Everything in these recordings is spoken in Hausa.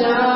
شاء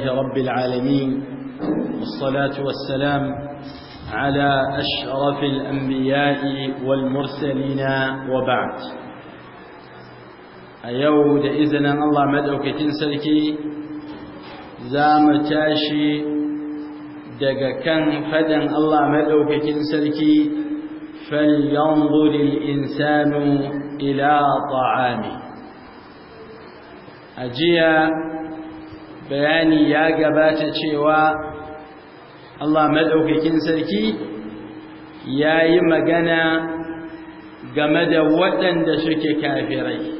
لله رب العالمين والصلاة والسلام على أشرف الأنبياء والمرسلين وبعد أيو إذن الله مدعوك تنسلكي زام تاشي دقا كان فدا الله مدعوك تنسلكي فلينظر الإنسان إلى طعامه أجيا bayani ya gabata cewa Allah maɗaukakin sarki ya yi magana game da waɗanda suke kafirai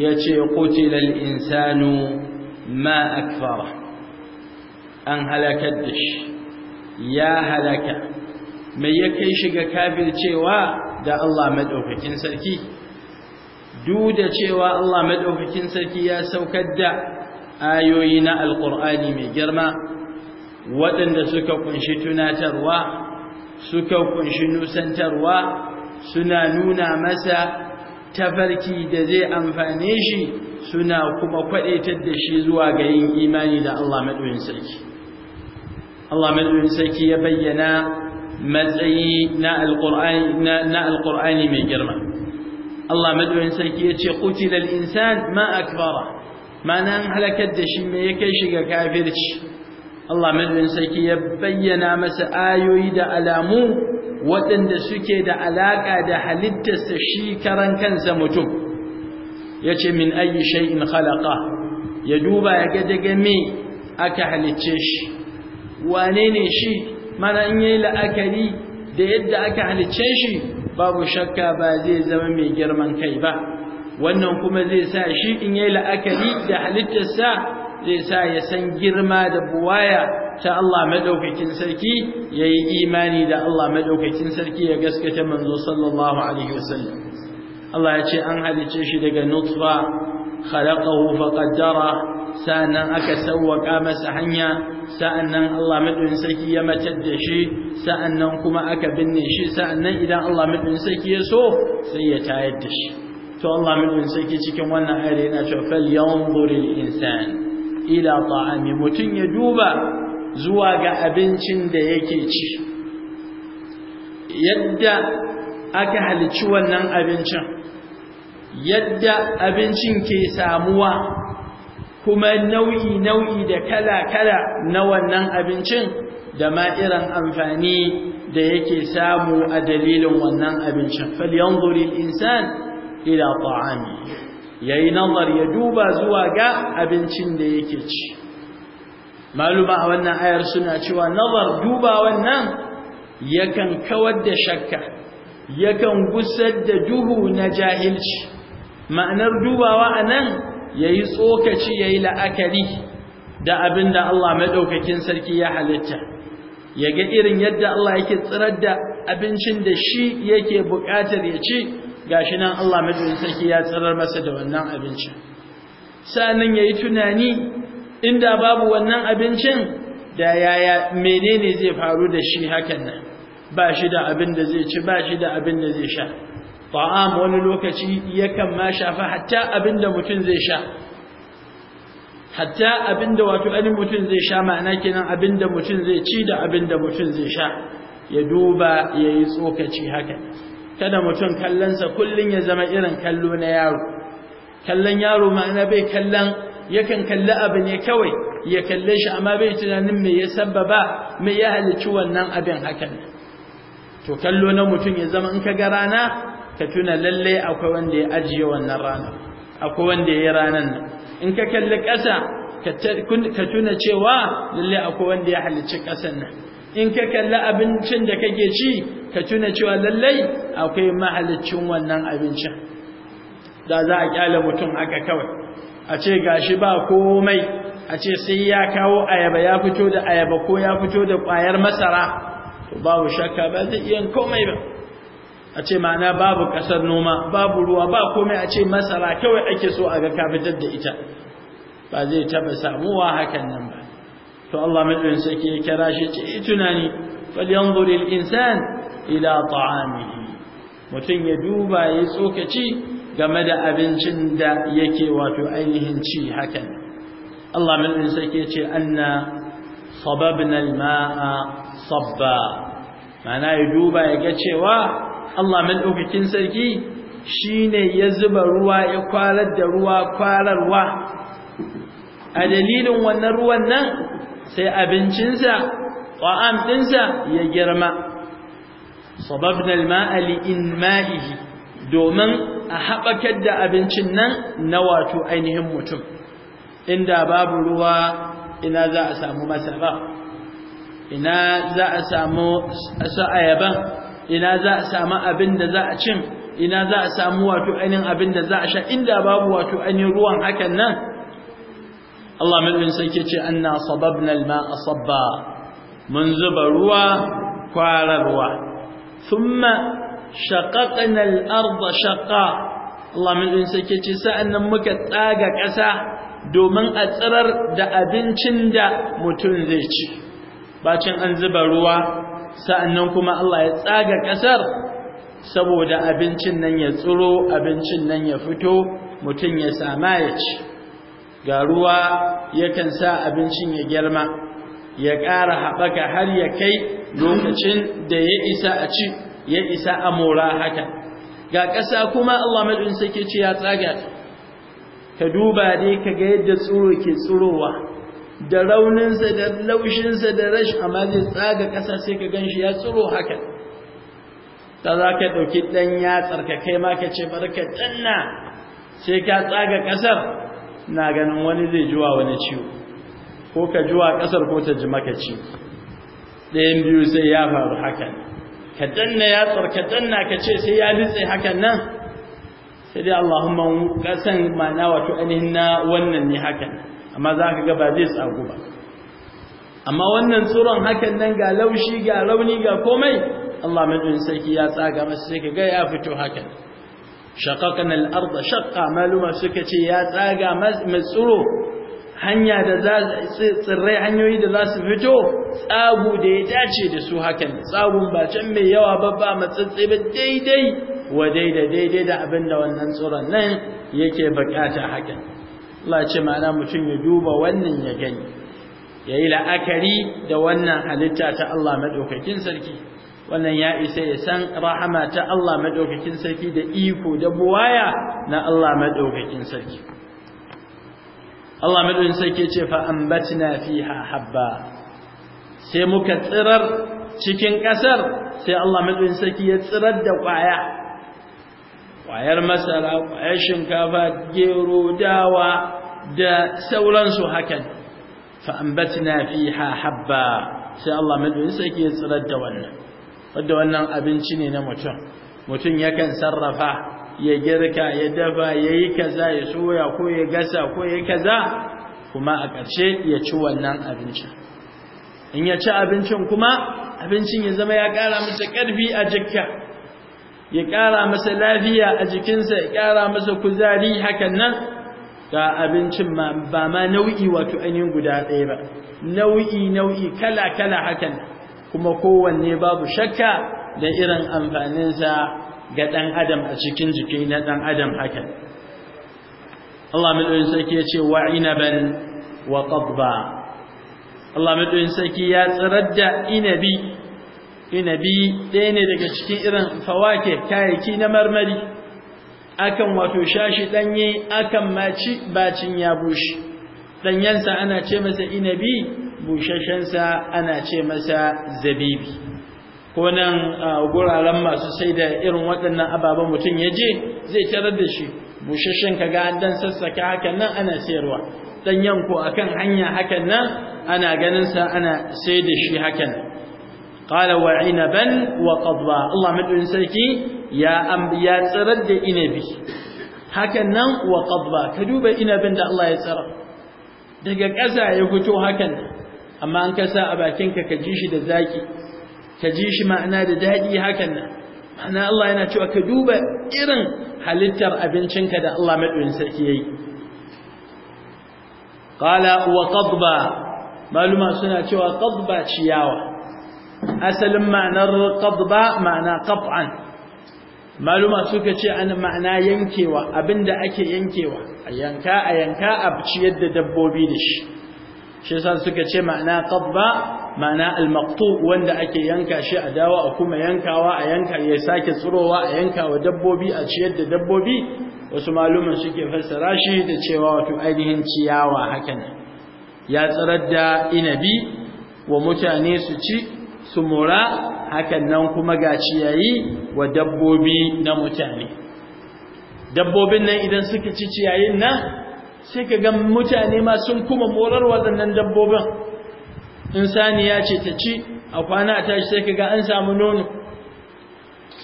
ya ce ƙutilal insanu ma akfara an halakar da shi ya halaka mai ya kai shiga kafir cewa da Allah maɗaukakin sarki duk da cewa Allah maɗaukakin sarki ya saukar da ayoyi na alkur'ani mai girma waɗanda suka kunshi tunatarwa suka kunshi nusantarwa suna nuna masa tafarki da zai amfane shi suna kuma kwadaitar da shi zuwa ga yin imani da Allah madaukakin sarki Allah madaukakin sarki ya bayyana matsayi na Alƙur'ani mai girma Allah madaukakin sarki yace kutilal insan ma akbara manan halakar da shi mai ya kai shiga kafirci Allah madadin saki ya bayyana masa ayoyi da alamu waɗanda suke da alaƙa da halittarsa shi karan kansa mutum ya ce min ayi shay'in khalaqa ya duba ya ga daga me aka halicce shi wane ne shi mana in yayi la'akari da yadda aka halicce shi babu shakka ba zai zama mai girman kai ba wannan kuma zai sa shi in yayi la'akari da halittarsa zai sa ya san girma da buwaya ta Allah madaukakin sarki yayi imani da Allah madaukakin sarki ya gaskata manzo sallallahu alaihi wasallam Allah ya ce an halice shi daga nutfa khalaqahu faqaddara sa'annan aka sawwaka masa hanya sa'annan Allah madaukakin sarki ya matar da shi sa'annan kuma aka binne shi sa'annan idan Allah madaukakin sarki ya so sai ya tayar da shi to Allah mai sarki cikin wannan ayar yana cewa fal yanzuril insan ila ta'ami mutun ya duba zuwa ga abincin da yake ci yadda aka halicci wannan abincin yadda abincin ke samuwa kuma nau'i nau'i da kala kala na wannan abincin da ma irin amfani da yake samu a dalilin wannan abincin fal yanzuril insan ila ta'ami yayi nazar ya duba zuwa ga abincin da yake ci maluma a wannan ayar suna cewa nazar duba wannan yakan kawar da shakka yakan gusar da duhu na jahilci ma'anar dubawa anan yayi tsokaci yayi la'akari da abinda Allah madaukakin sarki ya halitta yaga irin yadda Allah yake tsirar da abincin da shi yake buƙatar ya ci gashi nan Allah madaukakin sarki ya tsirar masa da wannan abincin sa'annan yayi tunani inda babu wannan abincin da yaya menene zai faru da shi hakan nan ba shi da abin da zai ci ba shi da abin da zai sha ta'am wani lokaci yakan ma shafa hatta abin da mutum zai sha hatta abin da wato ani mutum zai sha ma'ana kenan abin da mutum zai ci da abin da mutum zai sha ya duba yayi tsokaci hakan kada mutum kallonsa kullum ya zama irin kallo na yaro kallon yaro ma'ana bai kallon yakan kalli abu ne kawai ya kalle shi amma bai tunanin me ya sababa me ya halicci wannan abin hakan to kallo na mutum ya zama in ka ga rana ka tuna lallai akwai wanda ya ajiye wannan rana akwai wanda ya yi ranan nan in ka kalli ƙasa ka tuna cewa lallai akwai wanda ya halicci ƙasan nan in ka kalli abincin da kake ci ka tuna cewa lallai akwai mahaliccin wannan abincin da za a kyale mutum haka kawai a ce gashi ba komai a ce sai ya kawo ayaba ya fito da ayaba ko ya fito da ƙwayar masara to babu shakka ba zai iya komai ba a ce ma'ana babu ƙasar noma babu ruwa ba komai a ce masara kawai ake so a ga ka da ita ba zai taɓa samuwa hakan nan ba to Allah madaukakin sarki ya kira shi ce tunani falyanzur al-insan ila ta'amihi mutum ya duba ya tsokaci game da abincin da yake wato ainihin ci hakan Allah madaukakin sarki ya ce anna sababna al-ma'a sabba mana ya duba ya ga cewa Allah madaukakin sarki shi ne ya zuba ruwa ya kwarar da ruwa kwararwa a dalilin wannan ruwan nan sai abincinsa wa ɗinsa ya girma sababna al-ma'a li domin a haɓakar da abincin nan na wato ainihin mutum inda babu ruwa ina za a samu masara ina za a samu sa'ayaba ina za a samu abin da za a cin ina za a samu wato ainihin abin da za a sha inda babu wato ainihin ruwan hakan nan Allah mulkin ke ce anna sababna al-ma'a sabba mun zuba ruwa kwararwa thumma shaqaqna al-ardha shaqa Allah mulkin ke ce sa'annan muka tsaga ƙasa domin a tsirar da abincin da mutum zai ci bacin an zuba ruwa sa'annan kuma Allah ya tsaga ƙasar saboda abincin nan ya tsiro abincin nan ya fito mutum ya sama ya ci ga ruwa yakan sa abincin ya girma ya ƙara haɓaka har ya kai lokacin da ya isa a ci ya isa a mora haka ga ƙasa kuma Allah madin sake ce ya tsaga ka duba dai ka ga yadda tsoro ke tsorowa da rauninsa da laushinsa da rashin amma zai tsaga ƙasa sai ka gan shi ya tsoro haka ta za ka ɗauki ɗan yatsar ka ma ka ce barka danna sai ka tsaga ƙasar na ganin wani zai jiwa wani ciwo ko ka jiwa kasar ko ta ji maka ci ɗayan biyu sai ya faru hakan ka danna yatsar ka danna ka ce sai ya nitse hakan nan sai dai Allahumma kasan mana wato ainihin na wannan ne hakan amma za ka ga ba zai tsagu ba amma wannan tsoron hakan nan ga laushi ga rauni ga komai Allah madin sarki ya tsaga masa sai ka ga ya fito hakan shaqaqan al-ardh shaqqa maluma suka ce ya tsaga matsuro hanya da za tsirrai hanyoyi da za su fito tsagu da ya dace da su hakan tsagun ba can mai yawa ba ba matsatsi ba daidai wa daidai daidai da abinda wannan tsoron nan yake bukata hakan Allah ce ma'ana mutum ya duba wannan ya gani yayi la'akari da wannan halitta ta Allah madaukakin sarki wannan ya isa ya san rahama ta Allah madaukakin sarki da iko da buwaya na Allah madaukakin sarki Allah madaukakin sarki ya ce fa ambatna fiha habba sai muka tsirar cikin kasar sai Allah madaukakin sarki ya tsirar da kwaya kwayar masara kwayar shinkafa gero dawa da sauransu hakan fa ambatna fiha habba sai Allah madaukakin sarki ya tsirar da wannan wadda wannan abinci ne na mutum mutum yakan sarrafa ya girka ya dafa ya yi kaza ya soya ko ya gasa ko ya kaza kuma a ƙarshe ya ci wannan abincin in ya ci abincin kuma abincin ya zama ya ƙara masa ƙarfi a jikka ya ƙara masa lafiya a jikinsa ya ƙara masa kuzari hakan nan ga abincin ba ma nau'i wato ainihin guda ɗaya ba nau'i nau'i kala kala hakan kuma kowanne babu shakka da irin amfaninsa ga ɗan adam a cikin jiki na ɗan adam hakan Allah madaukakin sarki ya ce wa inaban wa qadba Allah madaukakin sarki ya tsirar da inabi inabi ɗaya ne daga cikin irin fawake kayayyaki na marmari akan wato shashi ɗanye akan maci bacin ya bushe ɗanyensa ana ce masa inabi bushashensa ana ce masa zabibi ko nan guraren masu sai da irin waɗannan ababen mutum ya je zai tarar da shi bushashen kaga an dan sassaka hakan nan ana sayarwa dan yanko akan hanya hakan nan ana ganin sa ana sai da shi hakan qala wa inaban wa qadwa Allah madun sarki ya ya tsarar da inabi hakan nan wa qadwa ka duba inabin da Allah ya tsara daga ƙasa ya fito hakan amma an ka sa a bakinka ka ji shi da zaki ka ji shi ma'ana da daɗi hakan nan ma'ana Allah yana cewa ka duba irin halittar abincinka da Allah maɗoyin sarki ya yi ƙala wa ƙadba maluma suna cewa ƙadba ciyawa asalin ma'anar ƙadba ma'ana ƙaf'an maluma suka ce an ma'ana yankewa abinda ake yankewa a yanka a yanka a ciyar da dabbobi da shi shi yasa suka ce ma'ana qabba ma'ana al-maqtu wanda ake yanka shi a dawa a kuma yankawa a yanka ya sake tsirowa a yanka wa dabbobi a ciyar da dabbobi wasu malumin suke fassara shi da cewa wato ainihin ciyawa hakan ya tsarar da inabi wa mutane su ci su mura hakan nan kuma ga ciyayi wa dabbobi na mutane dabbobin nan idan suka ci ciyayin nan sai ka ga mutane ma sun kuma morar waɗannan dabbobin in saniya ce ta ci a kwana a tashi sai ka ga an samu nono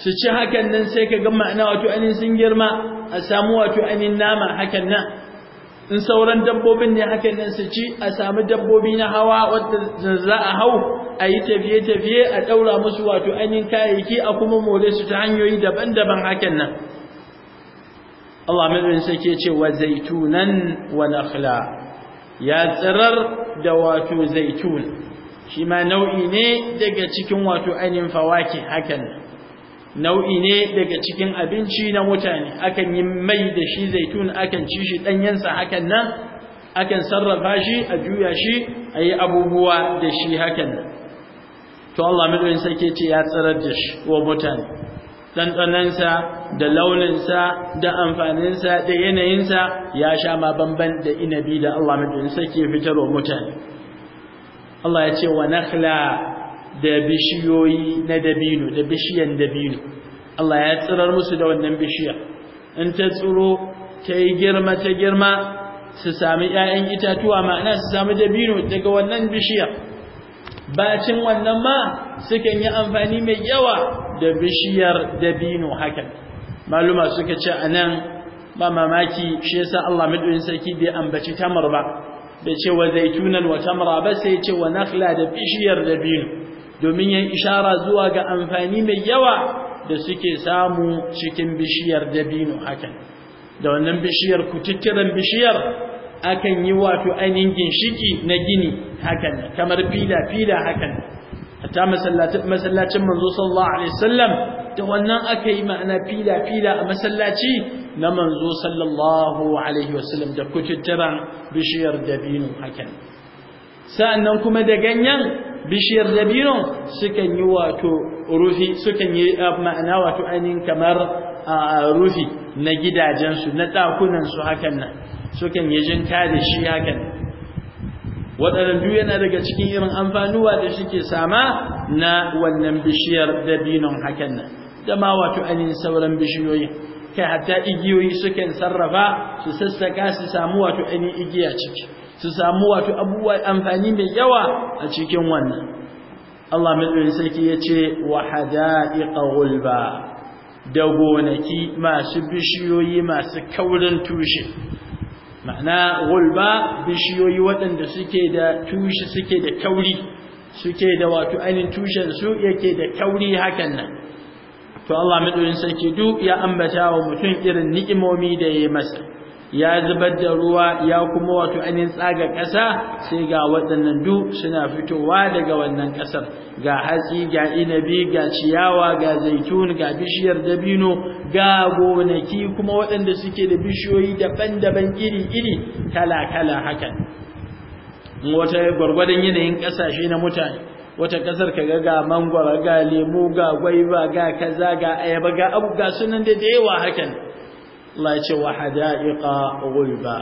su ci hakan nan sai ka ga ma'ana wato ainihin sun girma a samu wato ainihin nama hakan nan in sauran dabbobin ne hakan nan su ci a samu dabbobi na hawa wadda za a hau a yi tafiye-tafiye a ɗaura musu wato ainihin kayayyaki a kuma more su ta hanyoyi daban-daban hakan nan Allah madadin ke ce wa zaitunan wa nakhla ya tsirar da wato zaitun shi ma nau'i ne daga cikin wato ainihin fawaki hakan nau'i ne daga cikin abinci na mutane akan yi mai da shi zaitun akan ci shi ɗanyensa hakan nan akan sarrafa shi a juya shi a yi abubuwa da shi hakan to Allah madadin ke ce ya tsirar da shi wa mutane ɗanɗanansa da launinsa da amfaninsa da yanayinsa ya sha ma banban da inabi da Allah madin sake fitarwa mutane Allah ya ce wa nakhla da bishiyoyi na dabino da bishiyan dabino Allah ya tsirar musu da wannan bishiya in ta tsiro ta yi girma ta girma su sami 'ya'yan itatuwa ma'ana su sami dabino daga wannan bishiya bacin wannan ma sukan yi amfani mai yawa da bishiyar dabino haka maluma suka ce anan ba mamaki shi yasa Allah madaukakin sarki bai ambaci tamar ba bai cewa wa zaitunan wa Tamar ba sai ce wa nakhla da bishiyar dabino domin yin ishara zuwa ga amfani mai yawa da suke samu cikin bishiyar dabino haka da wannan bishiyar kututturen bishiyar akan yi wato ainihin ginshiki na gini hakan kamar fila fila hakan hatta masallacin manzo sallallahu alaihi wasallam da wannan aka yi ma'ana fila fila a masallaci na manzo sallallahu alaihi wasallam da kututturan bishiyar dabino hakan sa'annan kuma da ganyen bishiyar dabino sukan yi wato rufi sukan yi eh, ma'ana wato ainihin kamar ah, rufi na gidajensu na ɗakunansu hakan nan sukan yi jinka da shi hakan waɗannan biyu yana daga cikin irin amfanuwa da suke sama na wannan bishiyar dabinon hakan nan da ma wato ainihin sauran bishiyoyi kai hatta igiyoyi sukan sarrafa su sassaka su samu wato ainihin igiya ciki su samu wato abubuwa amfani mai yawa a cikin wannan Allah mai sarki ya ce wa hada'iqa gulba da gonaki masu bishiyoyi masu kaurin tushe ma'ana gulba bishiyoyi waɗanda suke da tushe suke da kauri, suke da wato ainihin tushen su yake da kauri hakan nan to Allah madaurin sarki duk ya ambata wa mutum irin ni'imomi da ya masa ya zubar da ruwa ya kuma wato ainihin tsaga ƙasa sai ga waɗannan du suna fitowa daga wannan ƙasar ga hatsi ga inabi ga ciyawa ga zaitun ga bishiyar dabino ga gonaki kuma waɗanda suke da bishiyoyi daban-daban iri-iri kala-kala hakan wata gwargwadon yanayin ƙasashe na mutane wata ƙasar kaga ga mangwara ga lemu ga gwaiba ga kaza ga ayaba ga abu ga sunan da yawa hakan Allah ya ce wa hada'iqa ghulba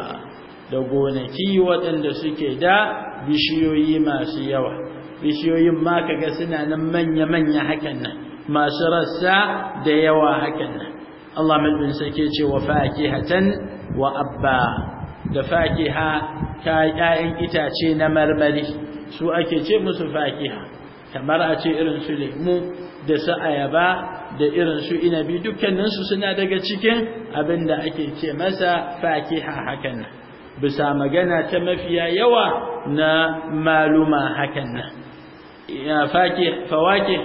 da gonaki waɗanda suke da bishiyoyi masu yawa bishiyoyin ma kaga suna nan manya-manya hakan nan masu rassa da yawa hakan nan Allah mulkin sake ce wa fakihatan wa abba da fakiha ta ƴaƴan itace na marmari su ake ce musu fakiha kamar a ce irin su lemu da su ayaba da irin su inabi dukkanin su suna daga cikin abin da ake ce masa fakiha hakan bisa magana ta mafiya yawa na maluma hakan nan ya faki fawaki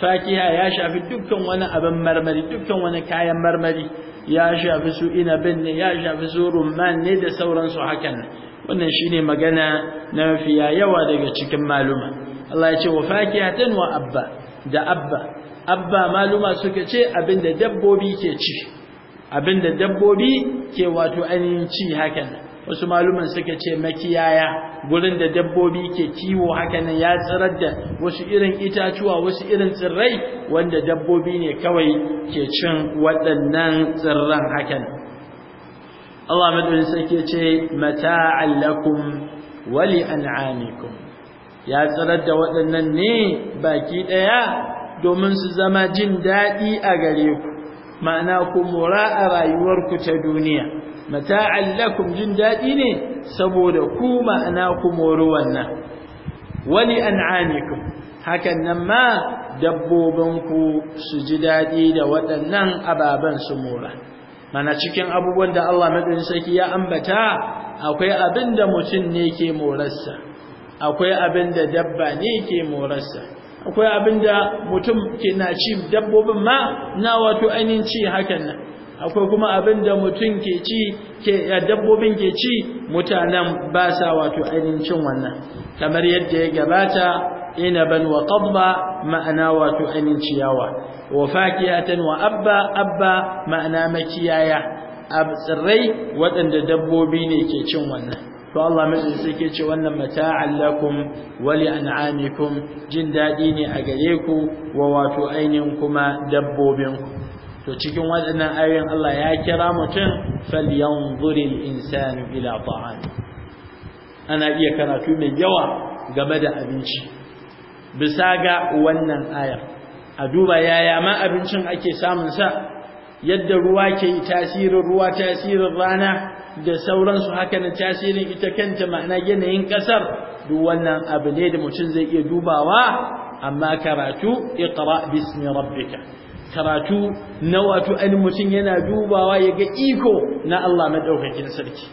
fakiha ya shafi dukkan wani abin marmari dukkan wani kayan marmari ya shafi su bin ne ya shafi su rumman ne da sauransu hakan nan wannan shine magana na mafiya yawa daga cikin maluma Allah ya ce wa fakihatan wa abba da abba abba maluma suka ce abinda dabbobi ke ci abinda dabbobi ke wato ainihin ci hakan wasu maluman suka ce makiyaya gurin da dabbobi ke kiwo hakan ya tsirar da wasu irin itatuwa wasu irin tsirrai wanda dabbobi ne kawai ke cin waɗannan tsirran hakan Allah madaukakin sake ke ce mata'al lakum wa li an'amikum ya tsirar da waɗannan ne baki ɗaya domin su zama jin daɗi a gare ku ma'ana ku mura a rayuwarku ta duniya mata'an lakum jin daɗi ne saboda ku ma'ana ku mori wannan Wani an'amikum hakan nan ma dabbobinku su ji daɗi da waɗannan ababan su mora mana cikin abubuwan da Allah madadin saki ya ambata akwai abinda da mutum ne ke morarsa akwai abin da dabba ne ke morarsa akwai abinda mutum ke na ci dabbobin ma na wato ainihin ci hakan nan akwai kuma abinda mutum ke ci ke dabbobin ke ci mutanen ba sa wato ainihin cin wannan kamar yadda ya gabata ina ban wa qadba ma'ana wato ainihin ciyawa wa fakiyatan wa abba abba ma'ana makiyaya tsirrai waɗanda dabbobi ne ke cin wannan to Allah madin sai ce wannan mata'an lakum wa li an'amikum jin dadi ne a gare ku wa wato ainihin kuma dabbobin ku to cikin waɗannan ayoyin Allah ya kira mutum falyanzuril insanu ila ta'am ana iya karatu mai yawa game da abinci bisa ga wannan aya a duba yaya ma abincin ake samun sa yadda ruwa ke tasirin ruwa tasirin rana da sauransu haka na tasirin ita kanta ma'ana yanayin kasar duk wannan abu ne da mutum zai iya dubawa amma karatu iqra bismi rabbika karatu na wato an mutum yana dubawa ya ga iko na Allah madaukakin sarki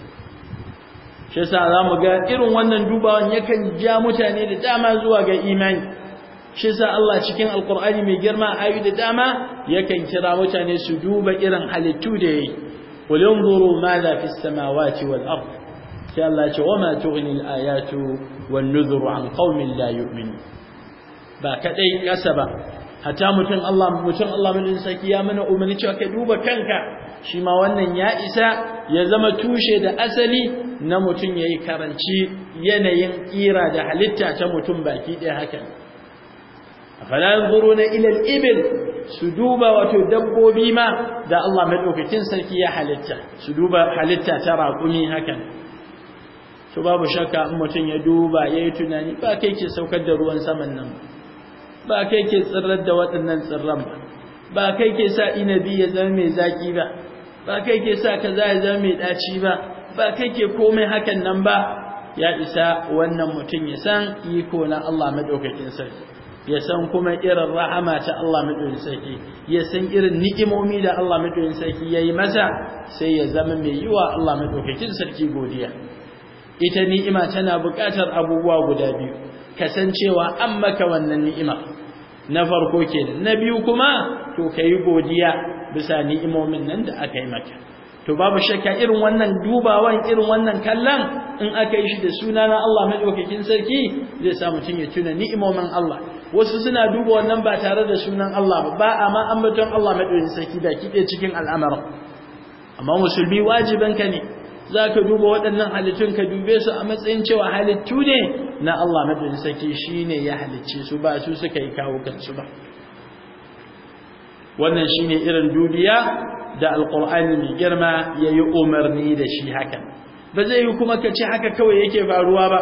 shi yasa zamu ga irin wannan dubawan yakan ja mutane da dama zuwa ga imani shi yasa Allah cikin alqur'ani mai girma ayu da dama yakan kira mutane su duba irin halittu da yayi wal yanzuru madha fi samawati wal ard sai Allah ce wama tughni al ayatu wan nuzuru an qaumin la yu'minu ba kadai yasa ba hata mutun Allah mutun saki ya mana umarni ka duba kanka shi ma wannan ya isa ya zama tushe da asali na mutun yayi karanci yanayin ƙira da halitta ta mutum baki ɗaya hakan A yanzuruna ila al-ibil su duba wato dabbobi ma da Allah madaukakin sarki ya halitta su duba halitta ta raƙumi hakan to babu shakka in mutum ya duba yayi tunani ba kai ke saukar da ruwan saman nan ba kai ke tsirrar da waɗannan tsirran ba ba kai ke sa inabi ya zama mai zaki ba ba kai ke sa kaza ya zama mai daci ba ba kai ke komai hakan nan ba ya isa wannan mutum ya san iko na Allah madaukakin sarki ya san kuma irin rahama ta Allah Maɗoyin sarki ya san irin ni'imomi da Allah Maɗoyin sarki yayi masa sai ya zama mai yiwa Allah madaukakin sarki godiya ita ni'ima tana buƙatar abubuwa guda biyu kasancewa an maka wannan ni'ima na farko kenan na biyu kuma to yi godiya bisa ni'imomin nan da aka yi maka to babu shakka irin wannan dubawan irin wannan kallon in aka yi shi da suna na Allah madaukakin sarki zai sa mutum ya tuna ni'imomin Allah wasu suna duba wannan ba tare da sunan Allah ba ba amma ambaton Allah madaukakin saki da kike cikin al'amara amma musulmi wajiban ka ne zaka duba waɗannan halittun ka dube su a matsayin cewa halittu ne na Allah madaukakin saki shine ya halicce su ba su suka yi kawo kansu ba wannan shine irin dubiya da alqur'ani mai girma yayi umarni da shi hakan ba zai yi kuma kace haka kawai yake faruwa ba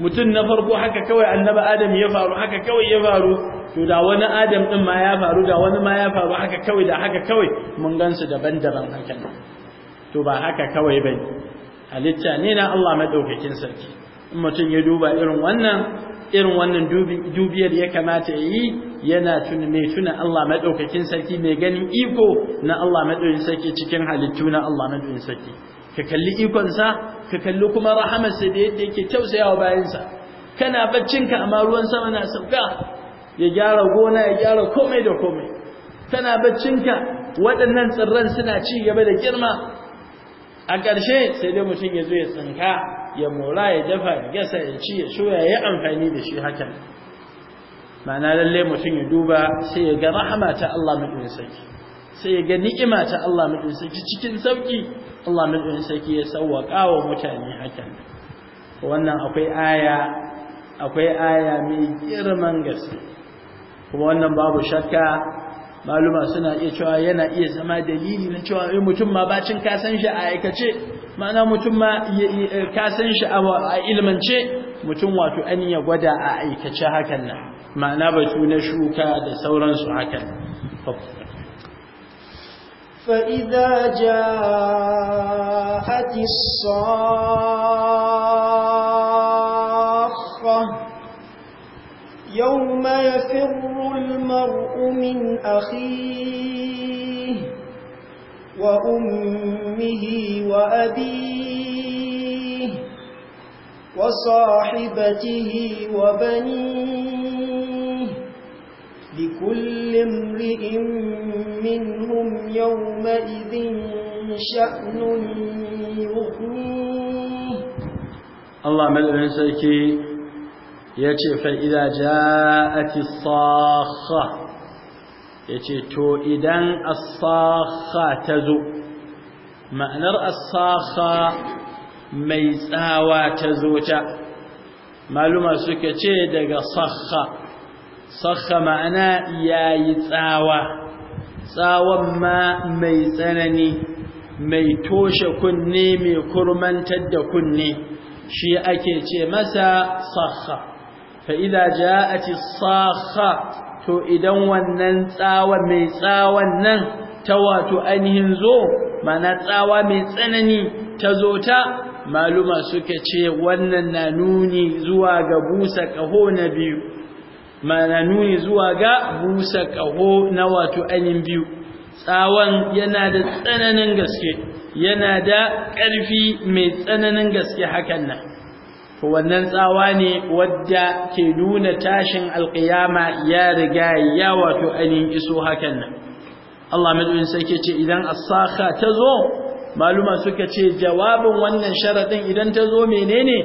mutum na farko haka kawai annaba adam ya faru haka kawai ya faru to da wani adam din ma ya faru da wani ma ya faru haka kawai da haka kawai mun gansu daban-daban haka to ba haka kawai bane halitta ne na Allah madaukakin sarki in mutum ya duba irin wannan irin wannan dubiyar ya kamata ya yi yana tuni mai tuna Allah maɗaukakin sarki mai ganin iko na Allah maɗaukakin sarki cikin halittu na Allah maɗaukakin sarki ka kalli ikonsa ka kalli kuma rahamarsa da yadda yake tausayawa bayansa kana baccinka amma ruwan sama na sauka ya gyara gona ya gyara komai da komai kana baccinka waɗannan tsirran suna ci gaba da girma a ƙarshe sai dai mutum ya zo ya tsinka ya mora ya dafa ya gasa ya ci ya shoya ya amfani da shi hakan ma'ana lallai mutum ya duba sai ya ga rahama ta Allah mai sarki sai ya ga ni'ima ta Allah madaukakin sarki cikin sauki Allah madaukakin sarki ya sawwaka wa mutane hakan wannan akwai aya akwai aya mai girman gaske kuma wannan babu shakka maluma suna iya cewa yana iya zama dalili na cewa mutum ma bacin ka san shi a aikace ma'ana mutum ma ka san shi a ilmance mutum wato an ya gwada a aikace hakan nan ma'ana batu na shuka da sauransu hakan فإذا جاءت الصاخة يوم يفر المرء من أخيه وأمه وأبيه وصاحبته وبنيه لكل امرئ منهم يومئذ شأن يغنيه الله ملئن سيكي يتي فإذا جاءت الصاخة yace to idan as-sakha tazo ma'anar as-sakha mai tsawa tazo ta maluma suka ce daga sakha sakha ma'ana yayi tsawa tsawon ma mai tsanani mai toshe kunne mai kurmantar da kunne shi ake ce masa sakha fa idza ja'ati sakha to idan wannan tsawa mai tsawon nan ta wato ainihin zo mana tsawa mai tsanani ta zo ta maluma suka ce wannan na nuni zuwa ga busa kaho na biyu mana nuni zuwa ga busa kaho na wato ainihin biyu tsawon yana da tsananin gaske yana da ƙarfi mai tsananin gaske hakan nan wannan tsawa ne wadda ke nuna tashin alƙiyama ya riga ya wato ainihin iso hakan nan Allah madaukin sai ce idan as ta zo maluma suka ce jawabin wannan sharadin idan ta zo menene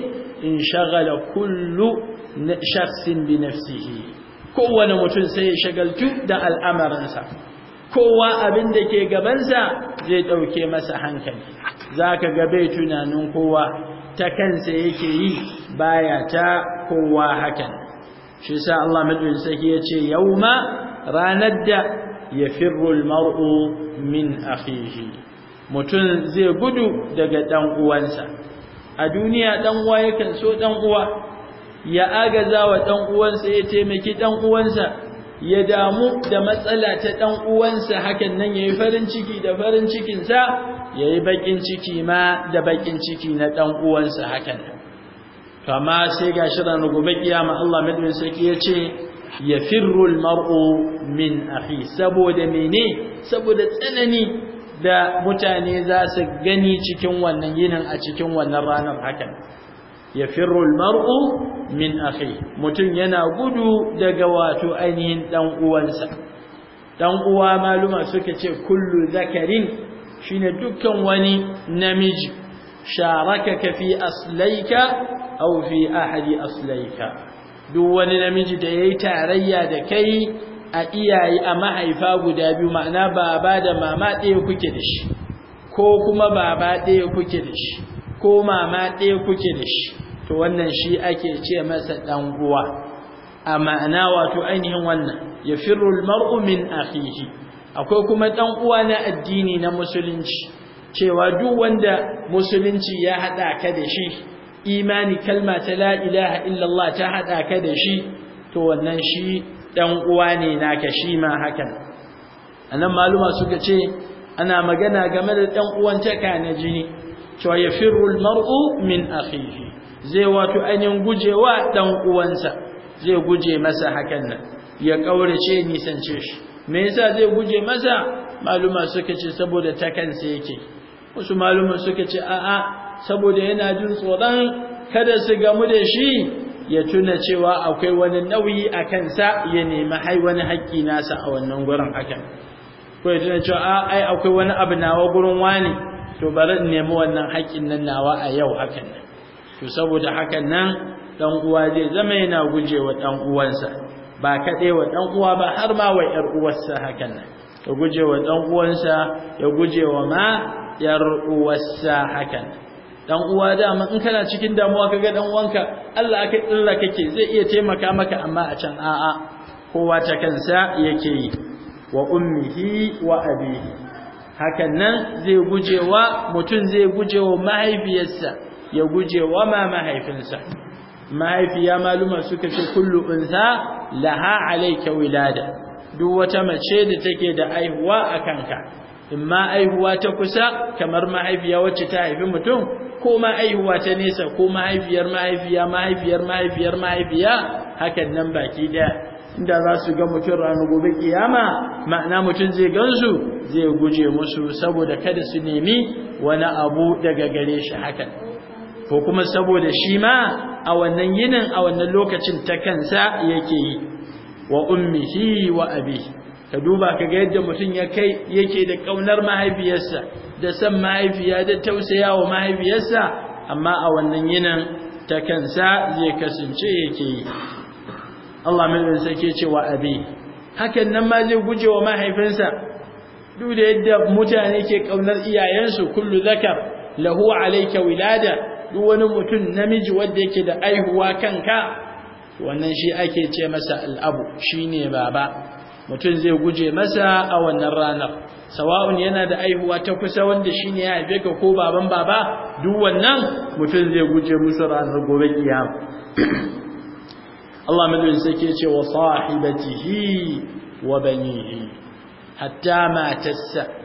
in shagala kullu shaksin bi nafsihi kowane mutum sai ya shagaltu da al'amarinsa kowa abin da ke gabansa zai ɗauke masa hankali zaka ga bai tunanin kowa ta kansa yake yi baya ta kowa hakan shi sa Allah madin saki yace yauma ranar da yafirru almar'u min akhihi mutum zai gudu daga dan uwansa a duniya dan uwa yakan so dan uwa ya agaza wa dan uwansa ya taimaki dan uwansa ya damu da matsala ta dan uwansa hakan nan yayi farin ciki da farin cikin sa yayi bakin ciki ma da bakin ciki na dan uwansa hakan kama sai gashi ranar gobe kiyama Allah madin sarki yace yafirru almar'u min akhi saboda mene saboda tsanani da mutane za su gani cikin wannan yinin a cikin wannan ranar hakan ya firrul mar'u min akhi mutum yana gudu daga wato ainihin dan uwansa dan uwa maluma suka ce kullu zakarin shine dukkan wani namiji sharakaka fi aslaika aw fi ahadi aslaika duk wani namiji da yayi tarayya da kai a iyaye a mahaifa guda biyu ma'ana baba da mama ɗaya kuke da shi ko kuma baba ɗaya kuke da shi ko mama ɗaya kuke da shi to wannan shi ake ce masa dan uwa a ma'ana wato ainihin wannan yafirru almar'u min akhihi akwai kuma dan uwa na addini na musulunci cewa duk wanda musulunci ya hada ka da shi imani kalma ta la ilaha illallah ta hada ka da shi to wannan shi dan uwa ne naka shi ma hakan anan maluma suka ce ana magana game da dan uwantaka na jini cewa yafirru almar'u min akhihi zai wato ainihin gujewa dan uwansa zai guje masa hakan nan ya kaurace nisance shi me yasa zai guje masa maluma suka ce saboda ta kansa yake wasu maluma suka ce a'a saboda yana jin tsoron kada su gamu da shi ya tuna cewa akwai wani nauyi a kansa ya nemi hai wani haƙƙi nasa a wannan gurin hakan ko ya tuna cewa ai akwai wani abu nawa gurin wani to bari in nemi wannan haƙƙin nan nawa a yau hakan to saboda hakan nan dan uwa zai zama yana gujewa dan uwansa ba kaɗai wa dan uwa ba har ma wa yar uwarsa hakan nan ya gujewa dan uwansa ya gujewa ma yar uwarsa hakan dan uwa dama in kana cikin damuwa kaga dan uwanka Allah aka Allah kake zai iya taimaka maka amma a can a'a kowa ta kansa yake yi wa ummihi wa abihi hakan nan zai gujewa mutum zai gujewa mahaifiyarsa ya guje wa ma mahaifinsa mahaifiya maluma suka ce kullu unsa laha alayka wilada duk wata mace da take da aihuwa a kanka imma aihuwa ta kusa kamar mahaifiya wacce ta haifi mutum ko ma aihuwa ta nesa ko mahaifiyar mahaifiya mahaifiyar mahaifiyar mahaifiya hakan nan baki daya inda za su ga mutum ranar gobe kiyama ma'ana mutum zai gansu zai guje musu saboda kada su nemi wani abu daga gare shi hakan ko kuma saboda shi ma a wannan yinin a wannan lokacin ta kansa yake yi wa ummihi wa abi ka duba ka ga yadda mutum ya kai yake da kaunar mahaifiyarsa da san mahaifiya da tausaya wa mahaifiyarsa amma a wannan yinin ta kansa zai kasance yake yi Allah mai sake ce cewa abi hakan nan ma zai guje wa mahaifinsa duk da yadda mutane ke kaunar iyayensu kullu zakar lahu alayka wilada duk wani mutum namiji wanda yake da aihuwa kanka wannan shi ake ce masa al'abu shine baba mutum zai guje masa a wannan ranar sawa'un yana da aihuwa ta kusa wanda shine ya haife ka ko baban baba duk wannan mutum zai guje musu ranar gobe kiyama Allah madalin sai ke ce wa sahibatihi wa banihi hatta matarsa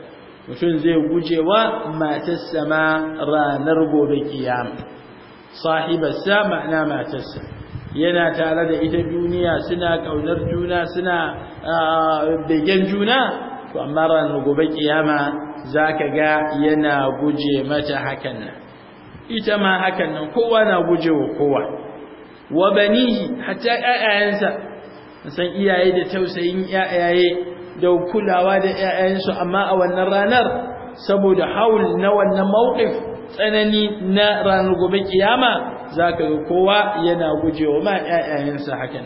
mutum zai guje wa matarsa ma ranar gobe kiyama sahibarsa ma'ana matarsa yana tare da ita duniya suna kaunar juna suna begen juna to amma ranar gobe kiyama ka ga yana guje mata hakan nan ita ma hakan nan kowa na guje wa kowa wa banihi hatta ƴaƴayansa san iyaye da tausayin 'ya'yaye. da kulawa da 'ya'yansu amma a wannan ranar saboda haul na wannan mawqif tsanani na ranar gobe kiyama zaka ga kowa yana gujewa ma 'ya'yansa hakan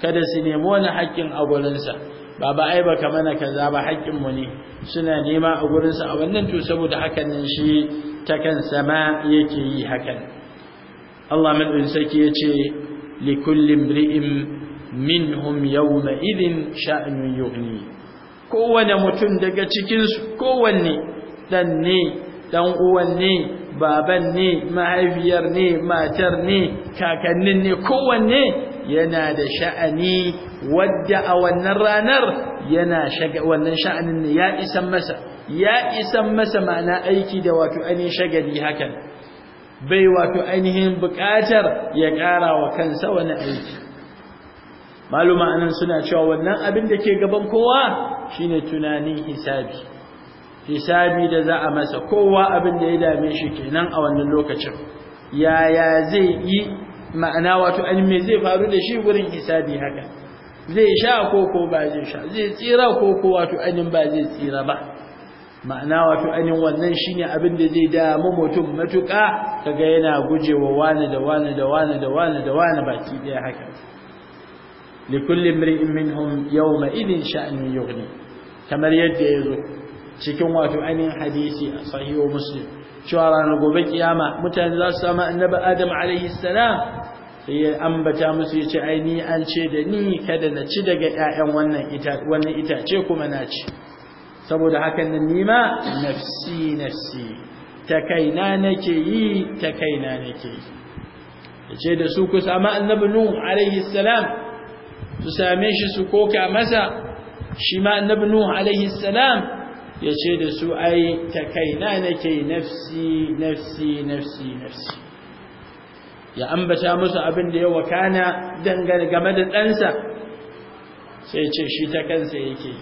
kada su nemi wani haƙƙin a gurinsa baba ai baka mana kaza ba haƙƙin mu ne suna nema a gurinsa a wannan to saboda hakan nan shi ta kan sama yake yi hakan Allah madin saki yace li kulli imri'in minhum yawma idhin sha'nun yughni kowane mutum daga cikinsu kowanne dan ne dan uwan ne baban ne mahaifiyar ne matar ne kakannin ne kowanne yana da sha'ani wadda a wannan ranar yana wannan sha'anin ne ya isan masa ya isan masa ma'ana aiki da wato ainihin shagali hakan bai wato ainihin buƙatar ya ƙara wa kansa wani aiki maluma anan suna cewa wannan abin da ke gaban kowa shine tunanin hisabi hisabi da za a masa kowa abin da ya dame shi kenan a wannan lokacin yaya zai yi ma'ana wato an me zai faru da shi gurin hisabi haka zai sha ko ko ba zai sha zai tsira ko ko wato anin ba zai tsira ba ma'ana wato anin wannan shine abin da zai damu mutum matuƙa kaga yana gujewa wani da wani da wani da wani da wani baki daya haka لكل امرئ منهم yawma idin sha'nun yughni kamar yadda zo, cikin wato ainihin hadisi a sahihu muslim cewa ranar gobe kiyama mutane za su samu annabi adam alaihi salam sai ya ambata musu ya ce ni an ce da ni kada na ci daga ƴaƴan wannan ita wannan itace kuma na ci saboda hakan nan ma, nafsi nafsi ta kaina nake yi ta kaina nake yi Ya ce da su ku samu annabi nuh alaihi salam su same shi su koka masa shi ma annabi nuhu alaihi salam ya ce da su ai ta kaina nake nafsi nafsi nafsi nafsi ya ambata musu abin da ya wakana dangane game da ɗansa sai ce shi ta kansa yake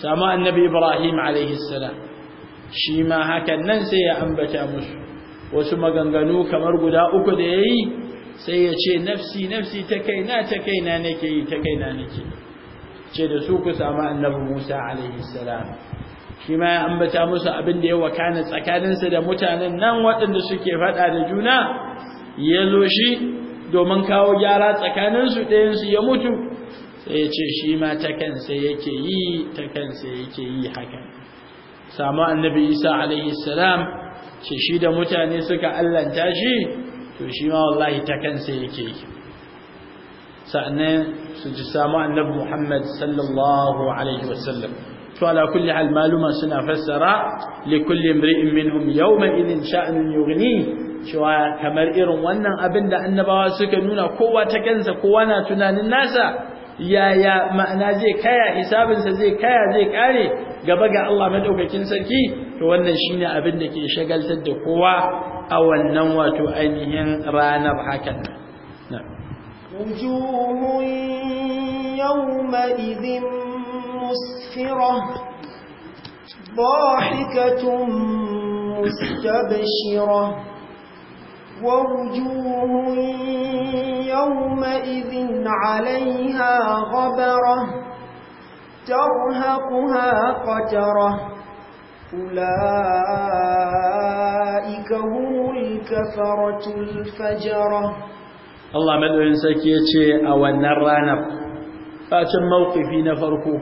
samu annabi ibrahim alaihi salam shi ma hakan nan sai ya ambata musu wasu maganganu kamar guda uku da ya yi sai ya ce nafsi nafsi ta kaina ta kaina nake yi ta kaina nake ce da su ku samu annabi Musa alaihi salam shi ma ya ambata musu abin da ya wakana tsakaninsa da mutanen nan waɗanda suke faɗa da juna ya zo shi domin kawo gyara tsakaninsu ɗayansu ya mutu sai ya ce shi ma ta kansa yake yi ta kansa yake yi haka samu annabi Isa alaihi salam ce shi da mutane suka allanta shi to shi ma wallahi ta kansa yake yi sa'annan su ji samu annabi Muhammad sallallahu alaihi wasallam to ala kulli hal maluma suna fassara li kulli imri'in minhum yawma idin sha'nun yughni cewa kamar irin wannan abin da annabawa suka nuna kowa ta kansa kowa na tunanin nasa yaya ma'ana zai kaya hisabinsa zai kaya zai kare gaba ga Allah madaukakin sarki to wannan shine abin da ke shagaltar da kowa a wannan wato ainihin ranar hakan wujuhun yawma idhin musfira ضاحكة مستبشرة ووجوه يومئذ عليها غبرة ترهقها قترة أولئك هم الكفرة الفجرة الله مدعو ينسكي يتشي أو النرانب فاتم موقفي نفركو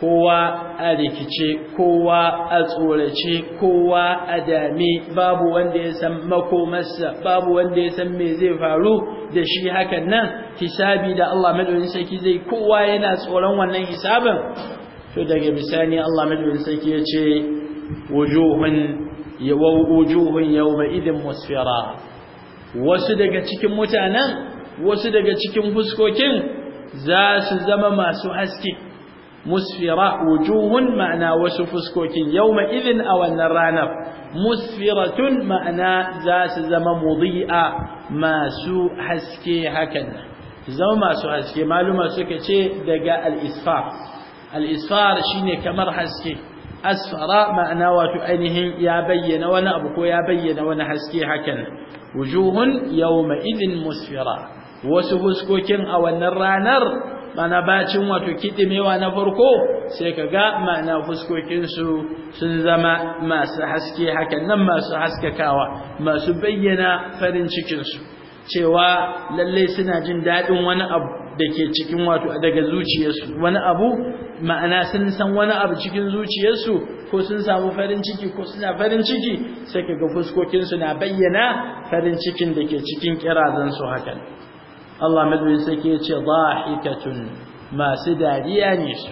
kowa a rikici kowa a tsorace kowa a dame babu wanda ya san makomarsa babu wanda ya san me zai faru da shi hakan nan hisabi da Allah madaukakin sarki zai kowa yana tsoron wannan hisabin to daga bisani Allah madaukakin sarki ya ce wujuhun wujuhun yawma idin musfira wasu daga cikin mutanen wasu daga cikin fuskokin za su zama masu haske musfira wujuhun ma'ana wasu fuskokin yawma idin a wannan ranar musfiratun ma'ana za su zama mudi'a masu haske hakan zama masu haske maluma suka ce daga al-isfar al-isfar shine kamar haske asfara ma'ana wato ainihin ya bayyana wani abu ko ya bayyana wani haske hakan wujuhun yawma idin musfira wasu fuskokin a wannan ranar mana bacin wato kidimewa na farko sai kaga mana fuskokin su sun zama masu haske hakan nan masu haskakawa masu bayyana farin cikin su cewa lalle suna jin dadin wani abu dake cikin wato daga zuciyarsu wani abu ma'ana sun san wani abu cikin zuciyarsu ko sun samu farin ciki ko suna farin ciki sai kaga fuskokin su na bayyana farin cikin dake cikin kirazan su hakan Allah madaukakin sarki ya ce dahikatun masu dariya ne su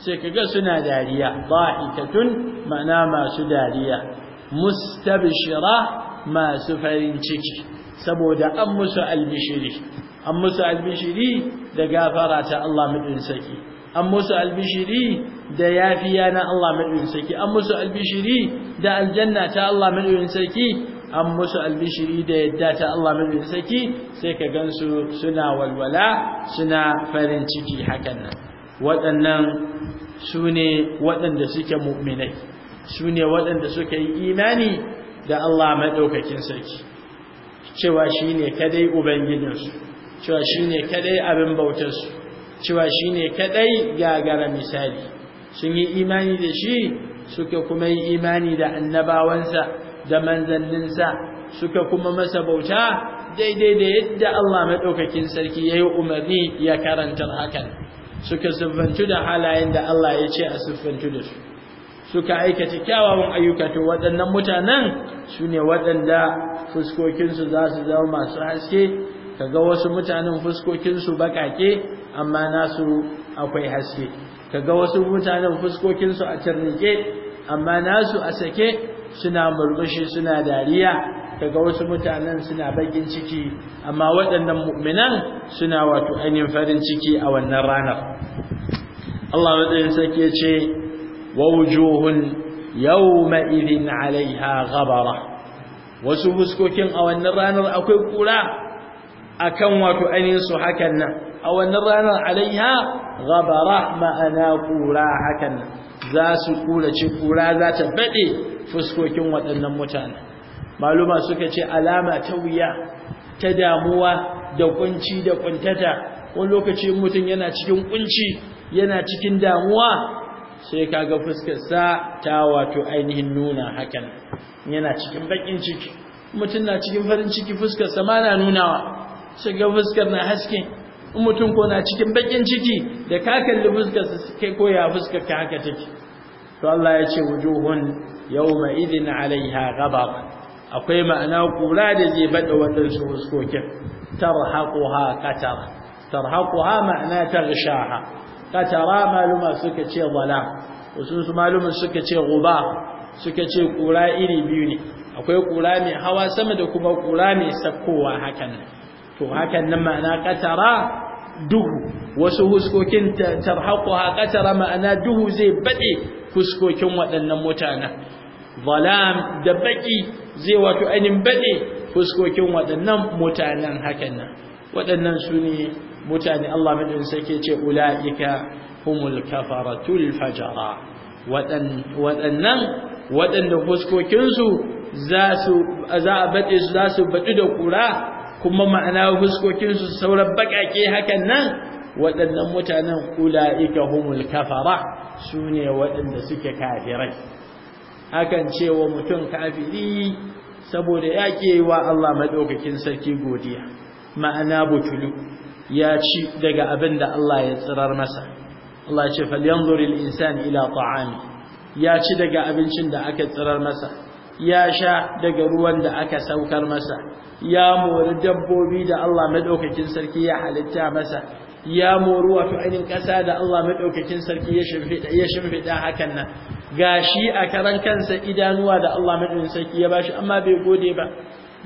sai kaga suna dariya dahikatun ma'ana masu dariya mustabshira masu farin ciki saboda an musu albishiri an musu albishiri da gafara ta Allah madaukakin sarki an musu albishiri da yafiya na Allah madaukakin sarki an musu albishiri da aljanna ta Allah madaukakin saki. an musu albishiri da yadda ta Allah mai saki sai ka gansu suna walwala suna farin ciki hakan nan waɗannan su ne waɗanda suke mu'minai su ne waɗanda suke yi imani da Allah ɗaukakin sarki cewa shi ne kadai ubangijinsu cewa shi kadai abin bautarsu cewa shine ne kadai gagara misali sun yi imani da shi suka kuma yi imani da annabawansa da manzanninsa suka kuma masa bauta daidai da yadda Allah Maɗaukakin sarki ya yi umarni ya karanta hakan suka siffantu da halayen da Allah ya ce a siffantu da su suka aikata kyawawan ayyuka to waɗannan mutanen su ne waɗanda fuskokinsu za su zama masu haske kaga wasu mutanen fuskokinsu bakake amma nasu akwai haske kaga wasu mutanen fuskokinsu a tarnike amma nasu a sake suna murmushi suna dariya daga wasu mutanen suna bakin ciki amma waɗannan mu'minan suna wato ainihin farin ciki a wannan ranar Allah wadannan sake ce wa wujuhun yawma idhin 'alayha ghabara wasu huskokin a wannan ranar akwai kura akan wato ainihin su hakan nan a wannan ranar 'alayha ghabara ma'ana kura hakan nan za su kura ce kura za ta bade fuskokin waɗannan mutane maluma suka ce alama ta wuya ta damuwa da kunci da kuntata wani lokaci mutum yana cikin kunci yana cikin damuwa sai kaga fuskar sa ta wato ainihin nuna hakan yana cikin bakin ciki mutum na cikin farin ciki fuskar sa ma na nunawa sai ga fuskar na haske in mutum ko na cikin bakin ciki da ka kalli fuskar sa kai ya fuskar ka haka take to Allah ya ce wujuhun yawma idin alaiha gabar, akwai ma'ana kula da zai bada wadansu huskokin tarhaquha qatar tarhaquha ma'ana tarshaha qatara maluma suka ce zala wasu su malumin suka ce guba suka ce kura iri biyu ne akwai kura mai hawa sama da kuma kura mai sakkowa hakan to hakan nan ma'ana qatara duhu wasu huskokin tarhaquha qatara ma'ana duhu zai bade huskokin waɗannan mutanen zalam da baki zai wato ainin bade fuskokin waɗannan mutanen hakan nan waɗannan su ne mutane Allah madin sake ce ulaika humul kafaratul fajara waɗannan waɗanda fuskokinsu za a baɗe su za su baɗu da ƙura kuma ma'ana fuskokinsu sauran baƙaƙe hakan nan waɗannan mutanen ulaika humul kafara su ne waɗanda suke kafirai akan cewa mutum kafiri saboda ya ke wa Allah maɗaukakin sarki godiya ma'ana butulu ya ci daga abin da Allah ya tsirar masa Allah ya ce falyanzur al-insan ila ta'ami ya ci daga abincin da aka tsirar masa ya sha daga ruwan da aka saukar masa ya mori dabbobi da Allah maɗaukakin sarki ya halitta masa ya moru wato ainihin ƙasa da Allah maɗaukakin sarki ya shimfiɗa hakan nan ga shi a karan kansa idanuwa da Allah maɗaukakin sarki ya bashi amma bai gode ba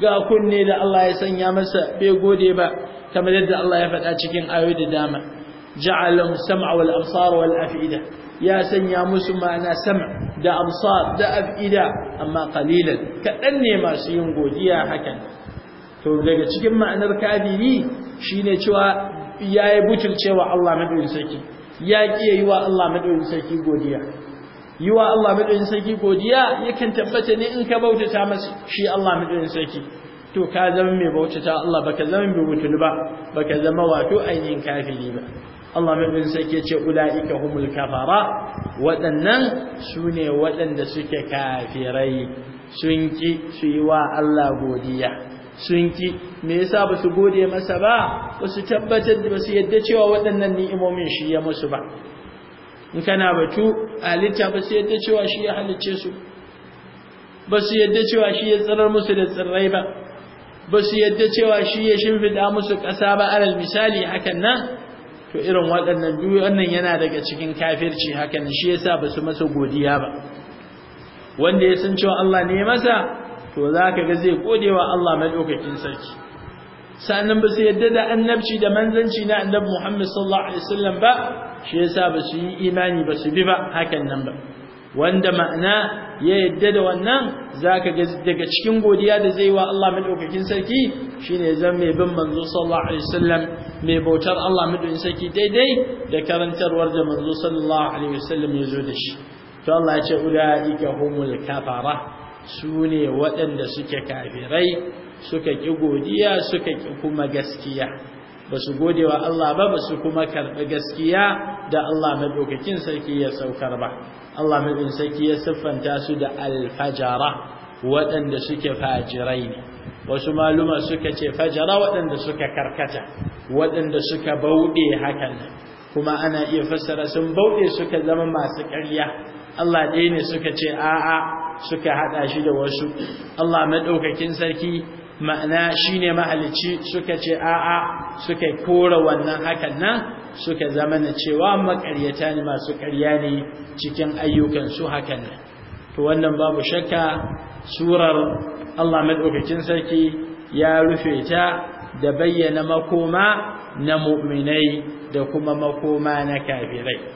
ga kunne da Allah ya sanya masa bai gode ba kamar yadda Allah ya faɗa cikin ayoyi da dama ja'ala sam'a wal absar wal af'ida ya sanya musu ma'ana sam' da absar da af'ida amma qalilan kaɗan ne masu yin godiya hakan to daga cikin ma'anar kadiri shine cewa ya yi butulcewa Allah madaukakin sarki ya kiyaye yi wa Allah madaukakin sarki godiya yi wa Allah madaukakin sarki godiya yakan tabbata ne in ka bautata masa shi Allah madaukakin sarki to ka zama mai bautata Allah baka zama mai butul ba baka zama wato ainihin kafiri ba Allah madaukakin sarki ya ce ulaika humul kafara waɗannan su ne waɗanda suke kafirai sun ki su yi wa Allah godiya sun ki me yasa ba su gode masa ba ba su tabbatar da ba su yadda cewa waɗannan ni'imomin shi ya musu ba in kana batu halitta ba su yadda cewa shi ya halicce su ba su yadda cewa shi ya tsirar musu da tsirrai ba ba su yadda cewa shi ya shimfida musu ƙasa ba alal misali hakan nan to irin waɗannan duk wannan yana daga cikin kafirci hakan shi yasa ba su masa godiya ba wanda ya san cewa Allah ne masa to za ka ga zai godewa Allah madaukakin sarki sannan ba su yadda da annabci da manzanci na annabi Muhammad sallallahu alaihi wasallam ba shi yasa ba su yi imani ba su bi ba hakan nan ba wanda ma'ana ya yadda da wannan zaka ga daga cikin godiya da zai wa Allah madaukakin sarki shine zan mai bin manzo sallallahu alaihi wasallam mai bautar Allah madaukakin sarki daidai da karantarwar da manzo sallallahu alaihi wasallam ya zo da shi to Allah ya ce ulaika humul kafara su ne waɗanda suke kafirai suka ƙi godiya suka ƙi kuma gaskiya ba su gode wa Allah ba ba su kuma karɓi gaskiya da Allah maɗaukakin sarki ya saukar ba Allah maɗaukakin sarki ya siffanta su da alfajara waɗanda suke fajirai ne wasu maluma suka ce fajara waɗanda suka karkata waɗanda suka bauɗe hakan nan kuma ana iya fassara sun bauɗe suka zama masu ƙarya Allah ɗaya ne suka ce a'a suka hada shi da wasu Allah madaukakin sarki ma'ana shine mahalicci suka ce a'a suka kora wannan hakan nan suka zama na cewa makaryata ne masu ƙarya ne cikin ayyukan su hakan nan to wannan babu shakka surar Allah madaukakin sarki ya rufe ta da bayyana makoma na mu'minai da kuma makoma na kafirai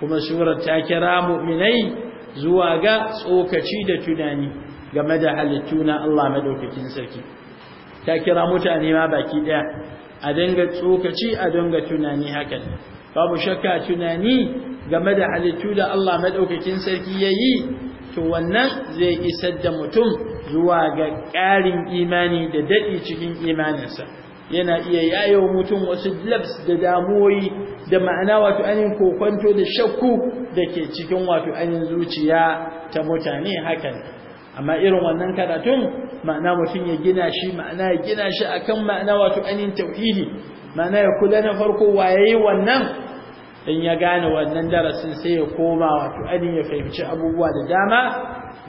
kuma surar ta kira mu'minai zuwa ga tsokaci da tunani game da halittu na Allah madaukakin sarki ta kira mutane ma baki ɗaya, a dinga tsokaci a dinga tunani hakan babu shakka tunani game da halittu da Allah madaukakin sarki yayi to wannan zai isar da mutum zuwa ga ƙarin imani da daɗi cikin imaninsa yana iya yayo mutum wasu labs da damuwoyi da ma'ana wato ainihin kokwanto da shakku da ke cikin wato ainihin zuciya ta mutane hakan amma irin wannan karatun ma'ana mutum ya gina shi ma'ana ya gina shi akan ma'ana wato ainihin tauhidi ma'ana ya kula na farko waye wannan in ya gane wannan darasin sai ya koma wato ainihin ya fahimci abubuwa da dama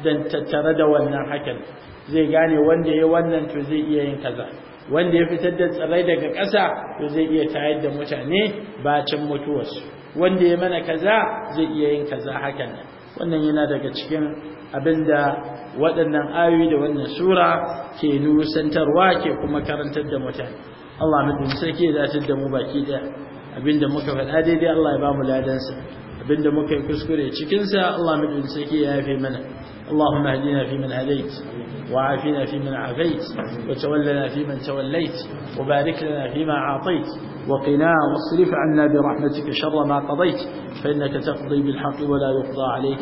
dan tattare da wannan hakan zai gane wanda ya wannan to zai iya yin kaza wanda ya fitar da tsirrai daga ƙasa to zai iya tayar da mutane bacin mutuwarsu wanda ya mana kaza zai iya yin kaza hakan nan wannan yana daga cikin da waɗannan ayoyi da wannan sura ke nusantarwa ke kuma karantar da mutane Allah mu sarki ke ta da mu baki da muka faɗa daidai Allah ya ba mu ladansa da muka yi kuskure cikinsa, sa Allah mu sarki ya yafe mana اللهم اهدنا فيمن هديت وعافنا فيمن عافيت وتولنا فيمن توليت وبارك لنا فيما أعطيت وقنا واصرف عنا برحمتك شر ما قضيت فإنك تقضي بالحق ولا يقضى عليك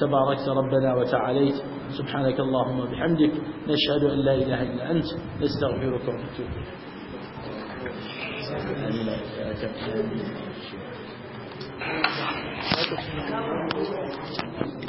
تباركت ربنا وتعاليت سبحانك اللهم وبحمدك نشهد أن لا إله إلا أنت نستغفرك ونتوب إليك